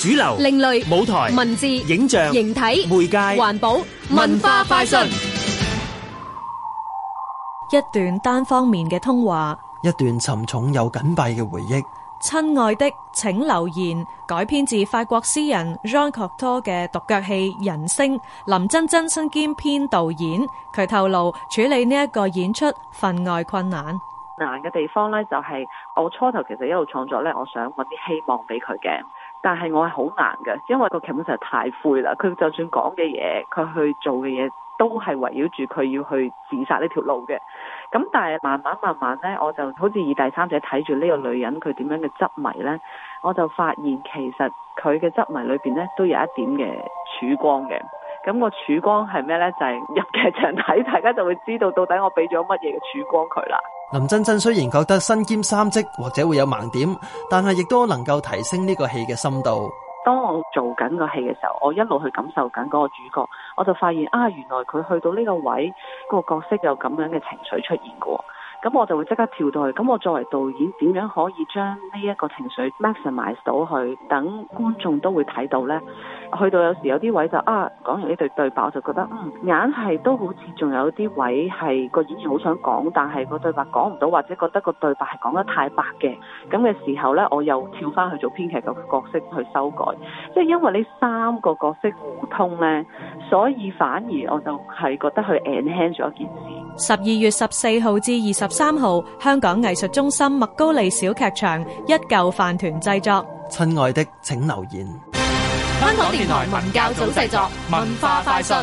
主流、另類舞台、文字、影像、形體、媒介、環保、文化快訊。一段單方面嘅通話，一段沉重又緊閉嘅回憶。親愛的，請留言。改編自法國詩人 Jean Cocteau 嘅獨腳戲《人聲》，林真真身兼編導演。佢透露處理呢一個演出分外困難，難嘅地方呢、就是，就係我初頭其實一路創作呢，我想揾啲希望俾佢嘅。但係我係好難嘅，因為個劇本實在太晦啦。佢就算講嘅嘢，佢去做嘅嘢，都係圍繞住佢要去自殺呢條路嘅。咁但係慢慢慢慢咧，我就好似以第三者睇住呢個女人，佢點樣嘅執迷咧，我就發現其實佢嘅執迷裏邊咧都有一點嘅曙光嘅。咁個曙光係咩呢？就係入劇場睇，大家就會知道到底我俾咗乜嘢嘅曙光佢啦。林真真雖然覺得身兼三職或者會有盲點，但係亦都能夠提升呢個戲嘅深度。當我做緊個戲嘅時候，我一路去感受緊嗰個主角，我就發現啊，原來佢去到呢個位，個角色有咁樣嘅情緒出現過。咁我就會即刻跳到去，咁我作為導演點樣可以將呢一個情緒 maximize 到去，等觀眾都會睇到呢。去到有時有啲位就啊，講完呢對對白我就覺得嗯，硬係都好似仲有啲位係個演員好想講，但係個對白講唔到，或者覺得個對白係講得太白嘅，咁嘅時候呢，我又跳翻去做編劇嘅角色去修改，即係因為呢三個角色互通呢，所以反而我就係覺得佢 enhance 咗一件事。十二月十四號至二十三號，香港藝術中心麥高利小劇場《一舊飯糰製作》，親愛的，請留言。香港電台文教組製作文化快訊。